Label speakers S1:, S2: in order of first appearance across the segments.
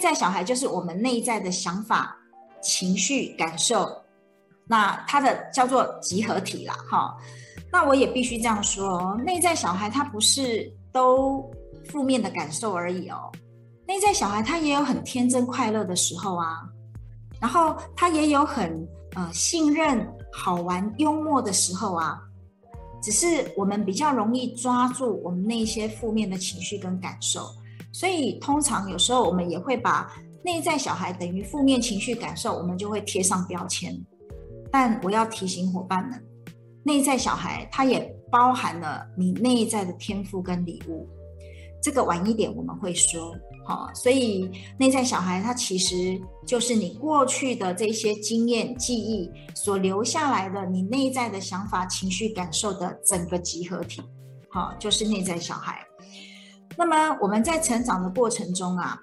S1: 內在小孩就是我們內在的想法、情緒、感受，那他的叫做集合體了哈。那我也必須這樣說哦，內在小孩他不是都負面的感受而已哦，內在小孩他也有很天真快樂的時候啊，然後他也有很呃信任、好玩、幽默的時候啊，只是我們比較容易抓住我們那些負面的情緒跟感受。所以通常有時候我們也會把內在小孩等於負面情緒感受，我們就會貼上標籤。但我要提醒夥伴們，內在小孩它也包含了你內在的天賦跟禮物。這個晚一點我們會說，好。所以內在小孩它其實就是你過去的這些經驗、記憶所留下來的你內在的想法、情緒、感受的整個集合體，好，就是內在小孩。那麼我們在成長的過程中啊，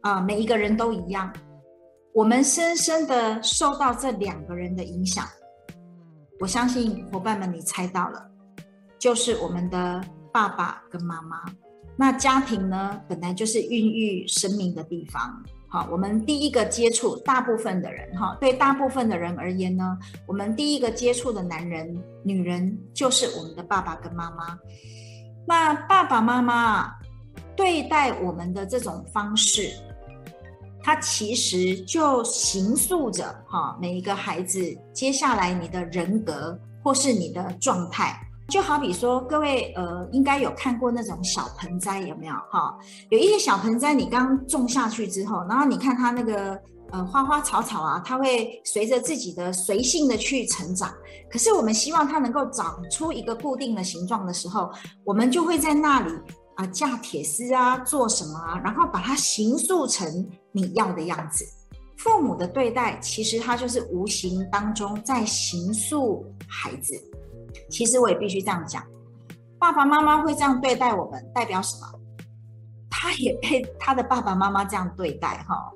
S1: 啊，每一個人都一樣，我們深深的受到這兩個人的影響。我相信伙伴們，你猜到了，就是我們的爸爸跟媽媽。那家庭呢，本來就是孕育生命的地方。好，我們第一個接觸大部分的人哈，對大部分的人而言呢，我們第一個接觸的男人、女人就是我們的爸爸跟媽媽。那爸爸媽媽。對待我們的這種方式，它其實就形塑着哈，每一個孩子接下來你的人格或是你的狀態。就好比說，各位呃，應該有看過那種小盆栽有沒有哈、哦？有一些小盆栽你剛種下去之後，然後你看它那個呃花花草草啊，它會隨着自己的隨性的去成長。可是我們希望它能夠長出一個固定的形狀的時候，我們就會在那裡。啊，架鐵絲啊，做什麼啊？然後把它形塑成你要的樣子。父母的對待，其實他就是無形當中在形塑孩子。其實我也必須這樣講，爸爸媽媽會這樣對待我們，代表什麼？他也被他的爸爸媽媽這樣對待，哈、哦。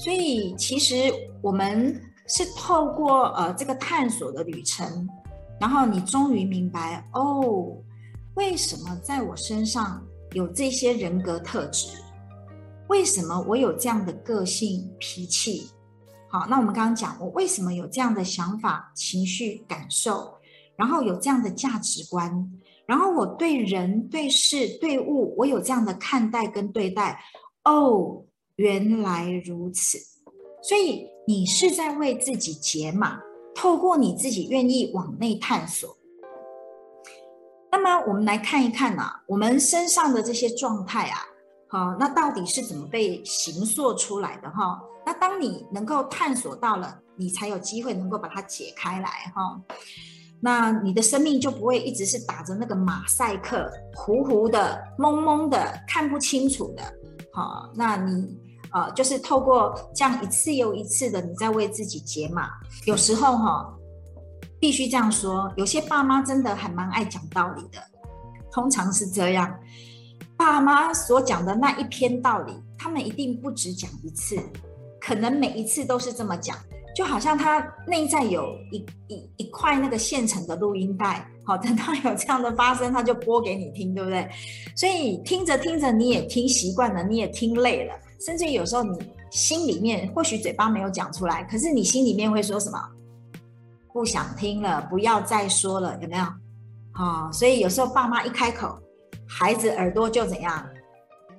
S1: 所以其實我們是透過呃這個探索的旅程，然後你終於明白哦，為什麼在我身上。有這些人格特質，為什麼我有這樣的個性脾氣？好，那我們剛剛講，我為什麼有這樣的想法、情緒、感受，然後有這樣的價值觀，然後我對人、對事、對物，我有這樣的看待跟對待。哦，原來如此。所以你是在為自己解碼，透過你自己願意往內探索。那麼我們來看一看吶、啊，我們身上的這些狀態啊，好、哦，那到底是怎麼被形塑出來的哈、哦？那當你能夠探索到了，你才有機會能夠把它解開來哈、哦。那你的生命就不會一直是打着那個馬賽克，糊糊的、蒙蒙的，看不清楚的。好、哦，那你呃，就是透過這樣一次又一次的，你在為自己解碼。嗯、有時候哈、哦。必須這樣說，有些爸媽真的還蠻愛講道理的，通常是這樣。爸媽所講的那一篇道理，他們一定不止講一次，可能每一次都是這麼講，就好像他內在有一一一塊那個現成的錄音帶，好，等到有這樣的發生，他就播給你聽，對不對？所以聽着聽着，你也聽習慣了，你也聽累了，甚至有時候你心裡面或許嘴巴沒有講出來，可是你心裡面會說什麼？不想聽了，不要再說了，有沒有？好、哦，所以有時候爸媽一開口，孩子耳朵就怎樣，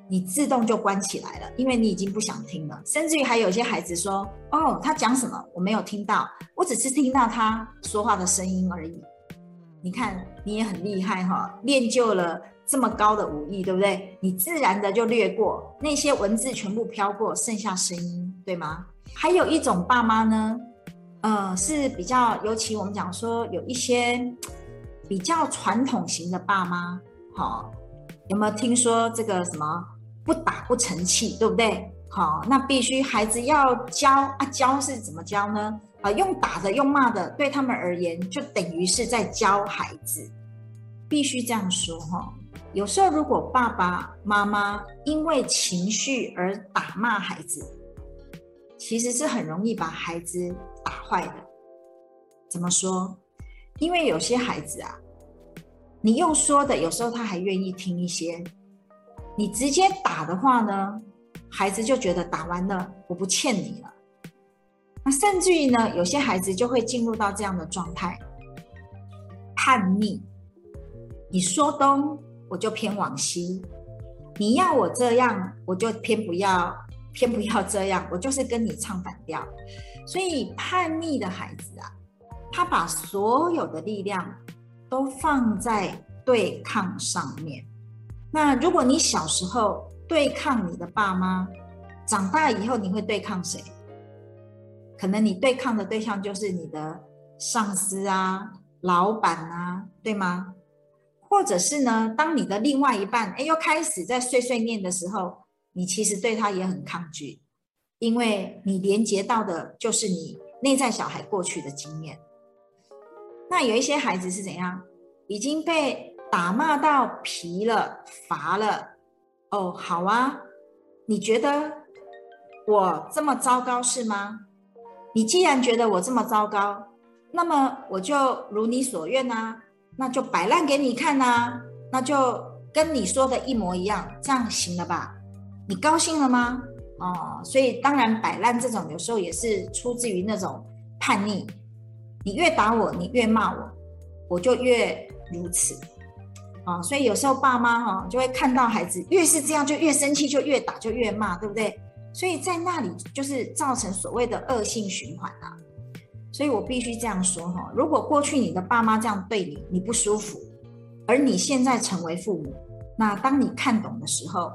S1: 你自動就關起來了，因為你已經不想聽了。甚至於還有些孩子說：“哦，他講什麼我沒有聽到，我只是聽到他說話的聲音而已。”你看，你也很厲害哈、哦，練就了這麼高的武藝，對不對？你自然的就略過那些文字，全部飄過，剩下聲音，對嗎？還有一種爸媽呢？嗯、呃，是比較，尤其我們講說有一些比較傳統型的爸媽，好、哦，有沒有聽說這個什麼不打不成器，對不對？好、哦，那必須孩子要教啊，教是怎麼教呢？啊，用打的，用罵的，對他們而言，就等於是在教孩子。必須這樣說哈、哦。有時候如果爸爸媽媽因為情緒而打罵孩子，其實是很容易把孩子打壞的，怎麼說？因為有些孩子啊，你用說的，有時候他還願意聽一些；你直接打的話呢，孩子就覺得打完了，我不欠你了。那甚至於呢，有些孩子就會進入到這樣的狀態：叛逆，你說東，我就偏往西；你要我這樣，我就偏不要，偏不要這樣，我就是跟你唱反調。所以叛逆的孩子啊，他把所有的力量都放在對抗上面。那如果你小時候對抗你的爸媽，長大以後你會對抗誰？可能你對抗的對象就是你的上司啊、老闆啊，對嗎？或者是呢，當你的另外一半哎又開始在碎碎念的時候，你其實對他也很抗拒。因為你連接到的，就是你內在小孩過去的經驗。那有一些孩子是怎樣，已經被打罵到皮了、乏了。哦，好啊，你覺得我這麼糟糕是嗎？你既然覺得我這麼糟糕，那麼我就如你所願啊，那就擺爛給你看啊，那就跟你說的一模一樣，這樣行了吧？你高興了嗎？哦，所以當然擺爛這種有時候也是出自於那種叛逆，你越打我，你越罵我，我就越如此、哦。啊，所以有時候爸媽哈、哦、就會看到孩子越是這樣，就越生氣，就越打，就越罵，對不對？所以在那裡就是造成所謂的惡性循環啊。所以我必須這樣說哈、哦，如果過去你的爸媽這樣對你，你不舒服，而你現在成為父母，那當你看懂的時候。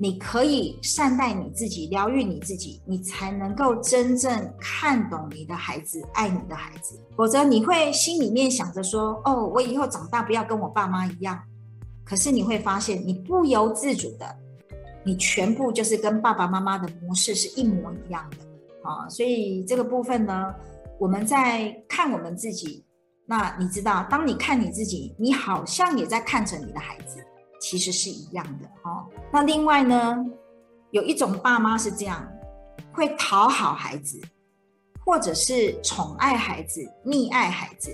S1: 你可以善待你自己，療癒你自己，你才能夠真正看懂你的孩子，愛你的孩子。否則，你會心裡面想着說：“哦，我以後長大不要跟我爸媽一樣。”可是你會發現，你不由自主的，你全部就是跟爸爸媽媽的模式是一模一樣的。啊。所以這個部分呢，我們在看我們自己。那你知道，當你看你自己，你好像也在看着你的孩子。其實是一樣的哦。那另外呢，有一種爸媽是這樣，會討好孩子，或者是寵愛孩子、溺愛孩子。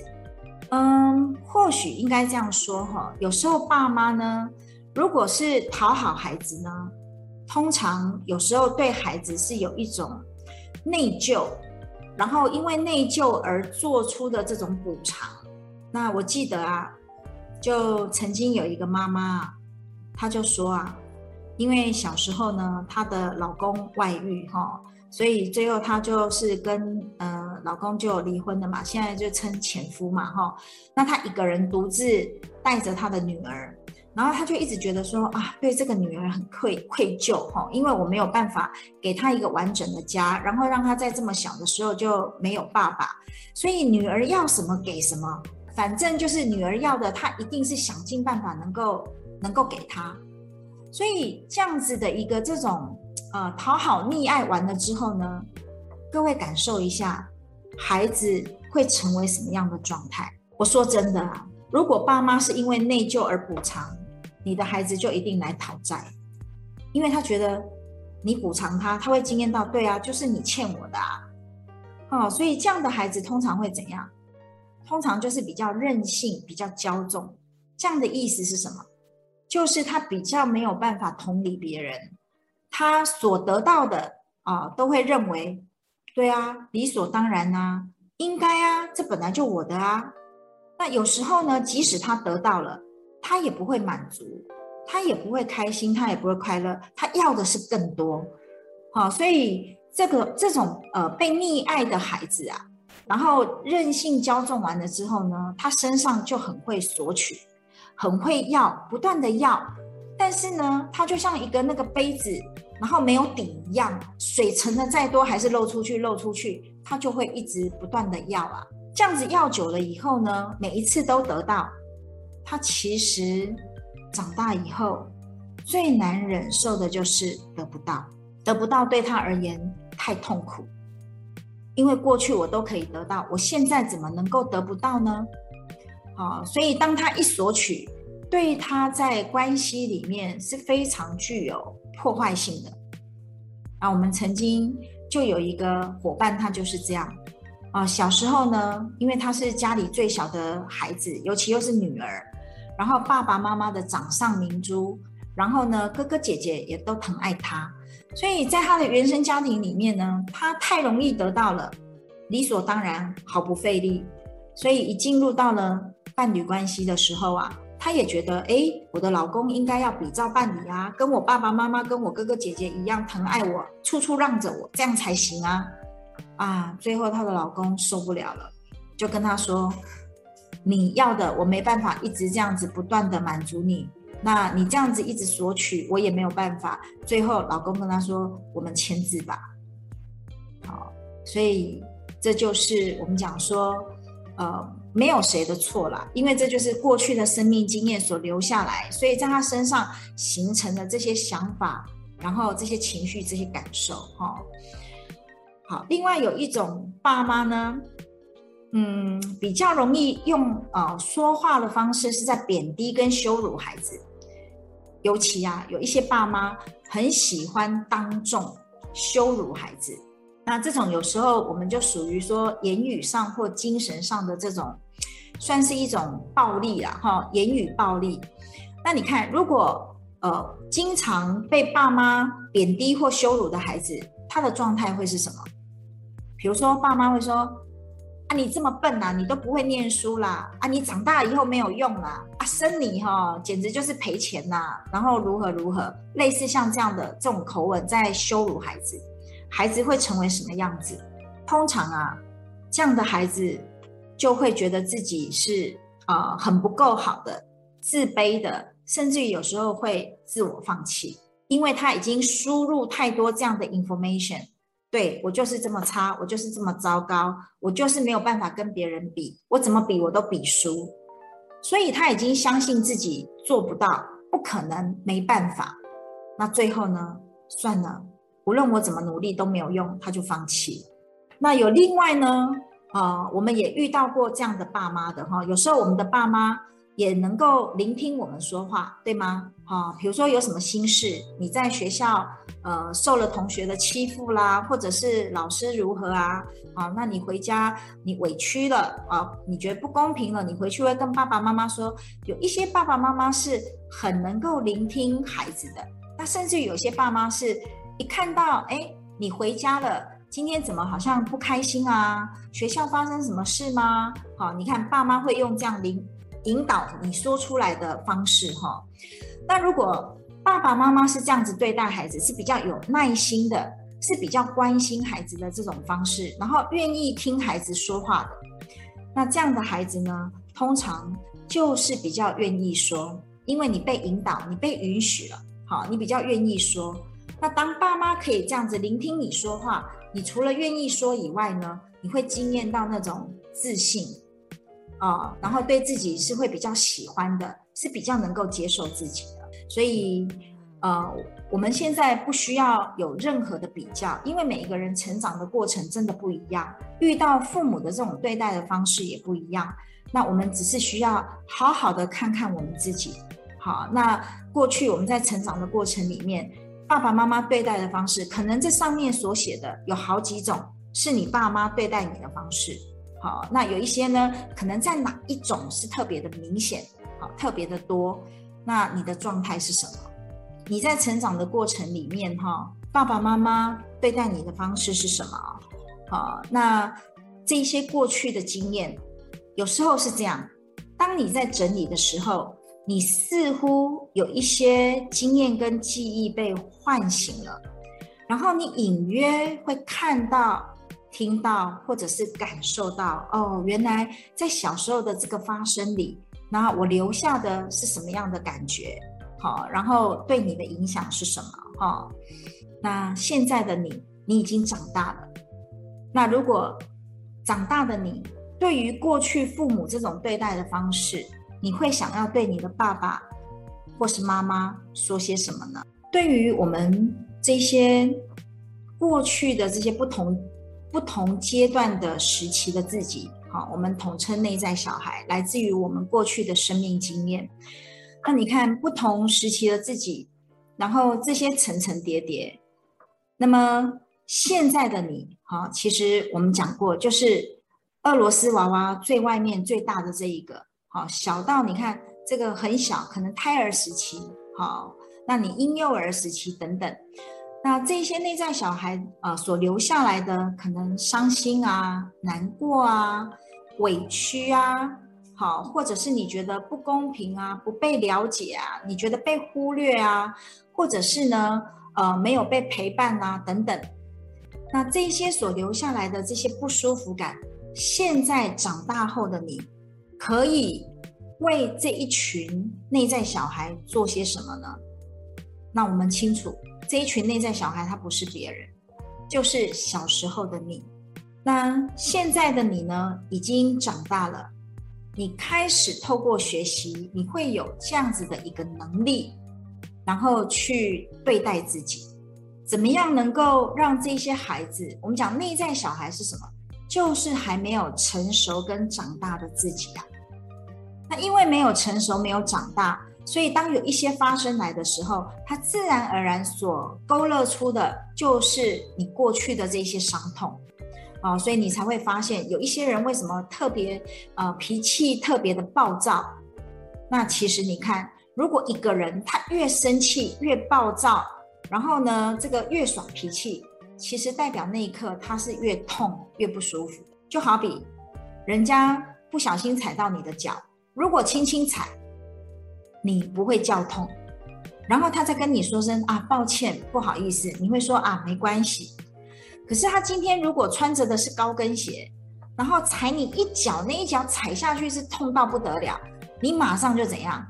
S1: 嗯，或許應該這樣說哈。有時候爸媽呢，如果是討好孩子呢，通常有時候對孩子是有一種內疚，然後因為內疚而做出的這種補償。那我記得啊。就曾經有一個媽媽，她就說啊，因為小時候呢，她的老公外遇哈、哦，所以最後她就是跟呃老公就離婚了嘛，現在就稱前夫嘛哈、哦。那她一個人獨自帶着她的女兒，然後她就一直覺得說啊，對這個女兒很愧愧疚哈、哦，因為我沒有辦法給她一個完整的家，然後讓她在這麼小的時候就沒有爸爸，所以女兒要什麼給什麼。反正就是女兒要的，他一定是想盡辦法能夠能夠給她。所以這樣子的一個這種呃討好溺愛完了之後呢，各位感受一下，孩子會成為什麼樣的狀態？我說真的啊，如果爸媽是因為內疚而補償，你的孩子就一定來討債，因為他覺得你補償他，他會經驗到，對啊，就是你欠我的啊，哦，所以這樣的孩子通常會怎樣？通常就是比較任性、比較驕縱，這樣的意思是什麼？就是他比較沒有辦法同理別人，他所得到的啊，都會認為，對啊，理所當然吶、啊，應該啊，這本來就我的啊。那有時候呢，即使他得到了，他也不會滿足，他也不會開心，他也不會快樂，他要的是更多。好、啊，所以這個這種呃被溺愛的孩子啊。然後任性驕縱完了之後呢，他身上就很會索取，很會要，不斷地要。但是呢，他就像一個那個杯子，然後沒有底一樣，水盛的再多還是漏出去，漏出去，他就會一直不斷地要啊。這樣子要久了以後呢，每一次都得到，他其實長大以後最難忍受的就是得不到，得不到對他而言太痛苦。因為過去我都可以得到，我現在怎麼能夠得不到呢？好，啊，所以當他一索取，對他在關係裡面是非常具有破壞性的。啊，我們曾經就有一個夥伴，他就是這樣。啊，小時候呢，因為他是家裡最小的孩子，尤其又是女兒，然後爸爸媽媽的掌上明珠，然後呢，哥哥姐姐也都疼愛他。所以在她的原生家庭裡面呢，她太容易得到了，理所當然，毫不費力。所以一進入到了伴侶關係的時候啊，她也覺得，哎，我的老公應該要比照伴侶啊，跟我爸爸媽媽、跟我哥哥姐姐一樣疼愛我，處處讓着我，這樣才行啊。啊，最後她的老公受不了了，就跟她說：“你要的我沒辦法一直這樣子不斷地滿足你。”那你這樣子一直索取，我也沒有辦法。最後，老公跟他說：“我們簽字吧。”好，所以這就是我們講說，呃，沒有誰的錯啦，因為這就是過去的生命經驗所留下來，所以在他身上形成了這些想法，然後這些情緒、這些感受，哈。好，另外有一種爸媽呢，嗯，比較容易用呃說話的方式是在貶低跟羞辱孩子。尤其啊，有一些爸媽很喜歡當眾羞辱孩子，那這種有時候我們就屬於說言語上或精神上的這種，算是一種暴力了哈，言語暴力。那你看，如果呃經常被爸媽貶低或羞辱的孩子，他的狀態會是什麼？比如說，爸媽會說。啊、你這麼笨吶、啊，你都不會念書啦！啊，你長大以後沒有用啦、啊！啊，生你哈、哦，簡直就是賠錢吶、啊！然後如何如何，類似像這樣的這種口吻在羞辱孩子，孩子會成為什麼樣子？通常啊，這樣的孩子就會覺得自己是啊、呃，很不夠好的，自卑的，甚至於有時候會自我放棄，因為他已經輸入太多這樣的 information。對我就是這麼差，我就是這麼糟糕，我就是沒有辦法跟別人比，我怎麼比我都比輸，所以他已經相信自己做不到，不可能，沒辦法。那最後呢？算了，無論我怎麼努力都沒有用，他就放棄了。那有另外呢？啊，我們也遇到過這樣的爸媽的哈，有時候我們的爸媽。也能夠聆聽我們說話，對嗎？啊、哦，比如說有什麼心事，你在學校呃受了同學的欺負啦，或者是老師如何啊？好、哦，那你回家你委屈了啊、哦，你覺得不公平了，你回去會跟爸爸媽媽說。有一些爸爸媽媽是很能夠聆聽孩子的，那甚至有些爸媽是一看到誒，你回家了，今天怎麼好像不開心啊？學校發生什麼事嗎？好、哦，你看爸媽會用這樣聆。引導你說出來的方式，哈。那如果爸爸媽媽是這樣子對待孩子，是比較有耐心的，是比較關心孩子的這種方式，然後願意聽孩子說話的，那這樣的孩子呢，通常就是比較願意說，因為你被引導，你被允許了，好，你比較願意說。那當爸媽可以這樣子聆聽你說話，你除了願意說以外呢，你會經驗到那種自信。啊、哦，然後對自己是會比較喜歡的，是比較能夠接受自己的。所以，呃，我們現在不需要有任何的比較，因為每一個人成長的過程真的不一樣，遇到父母的這種對待的方式也不一樣。那我們只是需要好好的看看我們自己。好，那過去我們在成長的過程裡面，爸爸媽媽對待的方式，可能這上面所寫的有好幾種，是你爸媽對待你的方式。好，那有一些呢，可能在哪一種是特別的明顯，好，特別的多，那你的狀態是什麼？你在成長的過程裡面，哈，爸爸媽媽對待你的方式是什麼？好，那這些過去的經驗，有時候是這樣，當你在整理的時候，你似乎有一些經驗跟記憶被喚醒了，然後你隱約會看到。聽到或者是感受到哦，原來在小時候的這個發生裡，然後我留下的是什麼樣的感覺？好、哦，然後對你的影響是什麼？哦，那現在的你，你已經長大了。那如果長大的你，對於過去父母這種對待的方式，你會想要對你的爸爸或是媽媽說些什麼呢？對於我們這些過去的這些不同。不同階段的時期的自己，好，我們統稱內在小孩，來自於我們過去的生命經驗。那你看不同時期的自己，然後這些層層疊疊，那麼現在的你，好，其實我們講過，就是俄羅斯娃娃最外面最大的這一個，好，小到你看這個很小，可能胎兒時期，好，那你嬰幼兒時期等等。那這些內在小孩啊，所留下來的可能傷心啊、難過啊、委屈啊，好，或者是你覺得不公平啊、不被了解啊、你覺得被忽略啊，或者是呢，呃，沒有被陪伴啊等等。那這些所留下來的這些不舒服感，現在長大後的你，可以為這一群內在小孩做些什麼呢？那我們清楚。這一群內在小孩，他不是別人，就是小時候的你。那現在的你呢？已經長大了，你開始透過學習，你會有這樣子的一個能力，然後去對待自己。怎麼樣能夠讓這些孩子？我們講內在小孩是什麼？就是還沒有成熟跟長大的自己啊。那因為沒有成熟，沒有長大。所以，當有一些發生來的時候，它自然而然所勾勒出的，就是你過去的這些傷痛，啊、哦，所以你才會發現，有一些人為什麼特別呃脾氣特別的暴躁。那其實你看，如果一個人他越生氣越暴躁，然後呢這個越耍脾氣，其實代表那一刻他是越痛越不舒服。就好比人家不小心踩到你的腳，如果輕輕踩。你不會叫痛，然後他再跟你說聲啊，抱歉，不好意思，你會說啊，沒關係。可是他今天如果穿着的是高跟鞋，然後踩你一腳，那一腳踩下去是痛到不得了，你馬上就怎樣？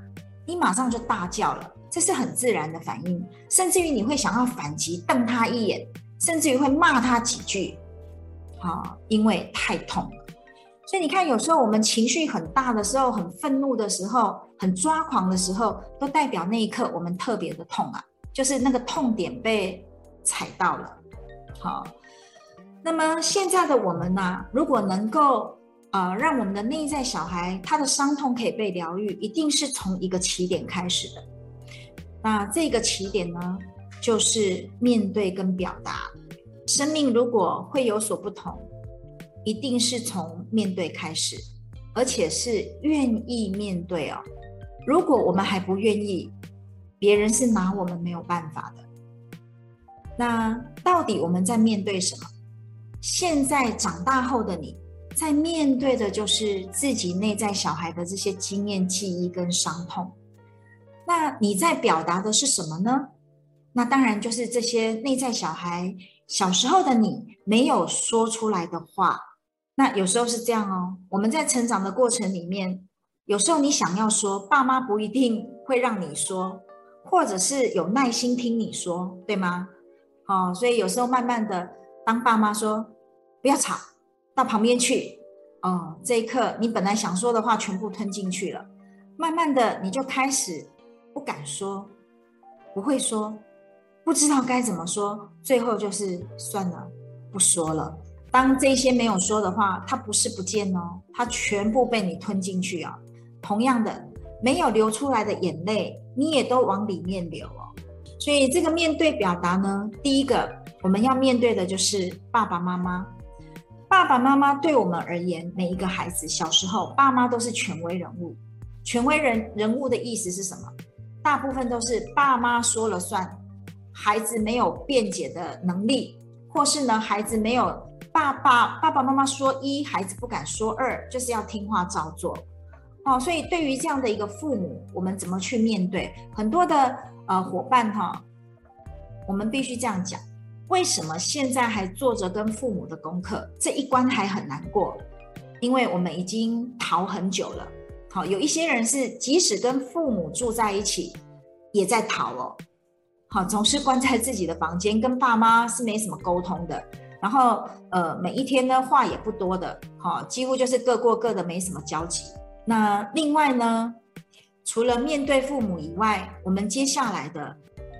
S1: 你馬上就大叫了，這是很自然的反應，甚至於你會想要反擊，瞪他一眼，甚至於會罵他幾句，好，啊，因為太痛了。所以你看，有時候我們情緒很大的時候，很憤怒的時候，很抓狂的時候，都代表那一刻我們特別的痛啊，就是那個痛點被踩到了。好，那麼現在的我們呢，啊，如果能夠呃讓我們的內在小孩他的傷痛可以被療癒，一定是從一個起點開始的。那這個起點呢，就是面對跟表達。生命如果會有所不同，一定是從面對開始，而且是願意面對哦。如果我們還不願意，別人是拿我們沒有辦法的。那到底我們在面對什麼？現在長大後的你在面對的就是自己內在小孩的這些經驗、記憶跟傷痛。那你在表達的是什麼呢？那當然就是這些內在小孩小時候的你沒有說出來的話。那有時候是這樣哦，我們在成長的過程裡面。有時候你想要說，爸媽不一定會讓你說，或者是有耐心聽你說，對嗎？哦，所以有時候慢慢的，當爸媽說不要吵，到旁邊去，哦、嗯，這一刻你本來想說的話全部吞進去了，慢慢的你就開始不敢說，不會說，不知道該怎麼說，最後就是算了，不說了。當這些沒有說的話，它不是不見哦，它全部被你吞進去啊。同樣的，沒有流出來的眼淚，你也都往裡面流哦。所以，這個面對表達呢，第一個我們要面對的就是爸爸媽媽。爸爸媽媽對我們而言，每一個孩子小時候，爸媽都是權威人物。權威人人物的意思是什麼？大部分都是爸媽說了算，孩子沒有辯解的能力，或是呢，孩子沒有爸爸爸爸媽媽說一，孩子不敢說二，就是要聽話照做。哦，所以對於這樣的一個父母，我們怎麼去面對？很多的呃夥伴哈、哦，我們必須這樣講：為什麼現在還做着跟父母的功課？這一關還很難過。因為我們已經逃很久了。好、哦，有一些人是即使跟父母住在一起，也在逃哦。好、哦，總是關在自己的房間，跟爸媽是沒什麼溝通的。然後呃，每一天呢話也不多的，好、哦，幾乎就是各過各，各的，沒什麼交集。那另外呢，除了面對父母以外，我們接下來的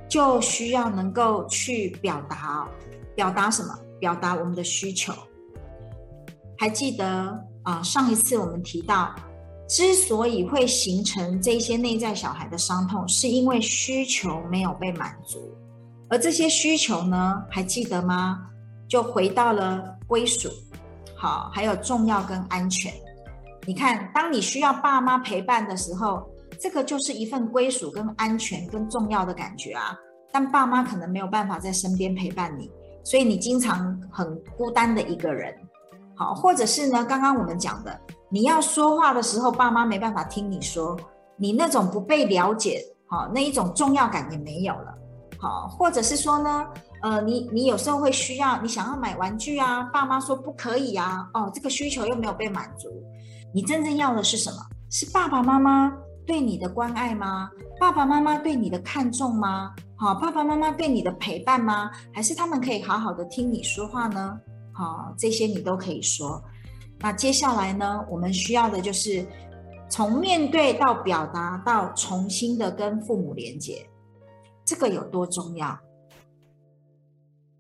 S1: 就需要能夠去表達，表達什麼？表達我們的需求。還記得啊？上一次我們提到，之所以會形成這些內在小孩的傷痛，是因為需求沒有被滿足。而這些需求呢，還記得嗎？就回到了歸屬，好，還有重要跟安全。你看，當你需要爸媽陪伴的時候，這個就是一份歸屬、跟安全、跟重要的感覺啊。但爸媽可能沒有辦法在身邊陪伴你，所以你經常很孤單的一個人。好，或者是呢，剛剛我們講的，你要說話的時候，爸媽沒辦法聽你說，你那種不被了解，好，那一種重要感也沒有了。好，或者是說呢，呃，你你有時候會需要，你想要買玩具啊，爸媽說不可以啊，哦，這個需求又沒有被滿足。你真正要的是什麼？是爸爸媽媽對你的關愛嗎？爸爸媽媽對你的看重嗎？好，爸爸媽媽對你的陪伴嗎？還是他們可以好好的聽你說話呢？好，這些你都可以說。那接下來呢，我們需要的就是從面對到表達到重新的跟父母連接。這個有多重要？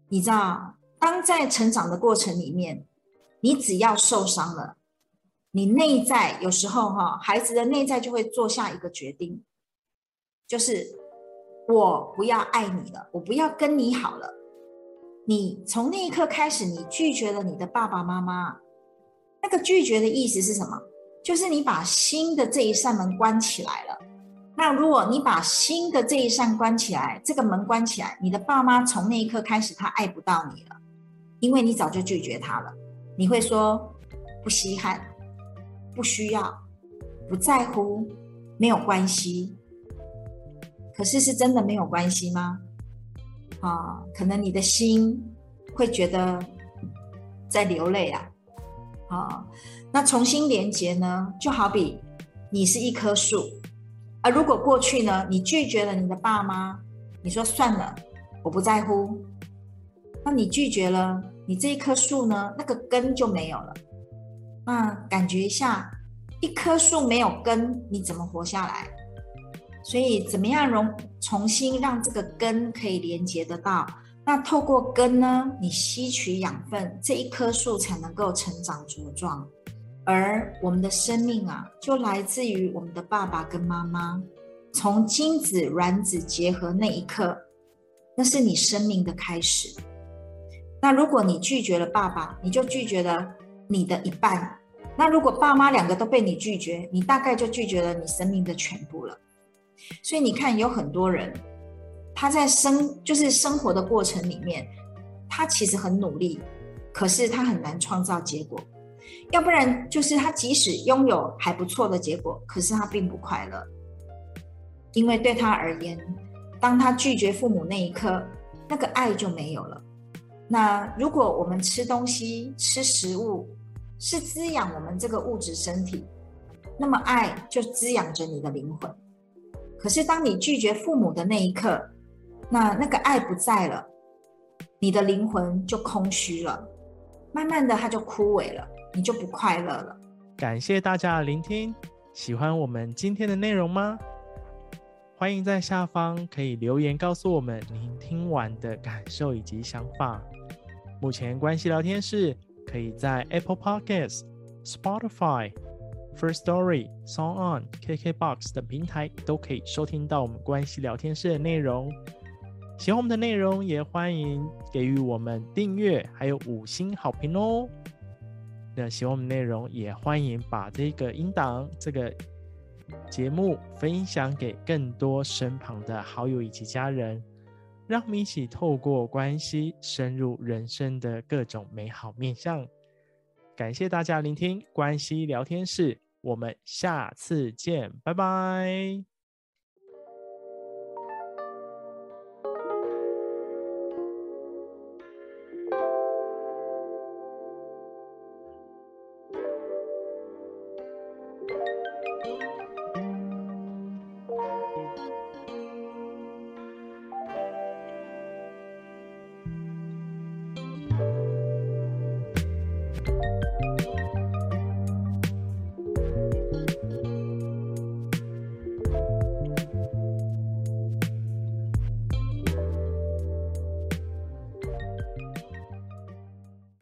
S1: 你知道，當在成長的過程裡面，你只要受傷了，你內在有時候哈、哦，孩子的內在就會做下一個決定，就是我不要愛你了，我不要跟你好了。你從那一刻開始，你拒絕了你的爸爸媽媽。那個拒絕的意思是什麼？就是你把心的這一扇門關起來了。那如果你把心的這一扇關起來，這個門關起來，你的爸媽從那一刻開始他愛不到你了，因為你早就拒絕他了。你會說不稀罕。不需要，不在乎，沒有關係。可是是真的沒有關係嗎？啊、哦，可能你的心會覺得在流淚啊。啊、哦，那重新連接呢？就好比你是一棵樹，而如果過去呢，你拒絕了你的爸媽，你說算了，我不在乎。那你拒絕了，你這一棵樹呢，那個根就沒有了。那感覺一下，一棵樹沒有根，你怎麼活下來？所以，怎麼樣容重新讓這個根可以連接得到？那透過根呢，你吸取養分，這一棵樹才能夠成長茁壯。而我們的生命啊，就來自於我們的爸爸跟媽媽，從精子卵子結合那一刻，那是你生命的開始。那如果你拒絕了爸爸，你就拒絕了。你的一半，那如果爸媽兩個都被你拒絕，你大概就拒絕了你生命的全部了。所以你看，有很多人，他在生，就是生活的過程裡面，他其實很努力，可是他很難創造結果。要不然就是他即使擁有還不錯的結果，可是他並不快樂。因為對他而言，當他拒絕父母那一刻，那個愛就沒有了。那如果我們吃東西、吃食物是滋養我們這個物質身體，那麼愛就滋養着你的靈魂。可是當你拒絕父母的那一刻，那那個愛不在了，你的靈魂就空虛了，慢慢的它就枯萎了，你就不快樂了。
S2: 感謝大家的聆聽，喜歡我們今天的內容嗎？歡迎在下方可以留言告訴我們您聽完的感受以及想法。目前關係聊天室可以在 Apple Podcasts、Spotify、First Story、Song On、KKBox 等平台都可以收聽到我們關係聊天室的內容。喜歡我們的內容也歡迎給予我們訂閱，還有五星好評哦。那喜歡我們的內容也歡迎把這個音檔這個節目分享給更多身旁的好友以及家人，讓我們一起透過關係深入人生的各種美好面向。感謝大家聆聽，關係聊天室，我們下次見，拜拜。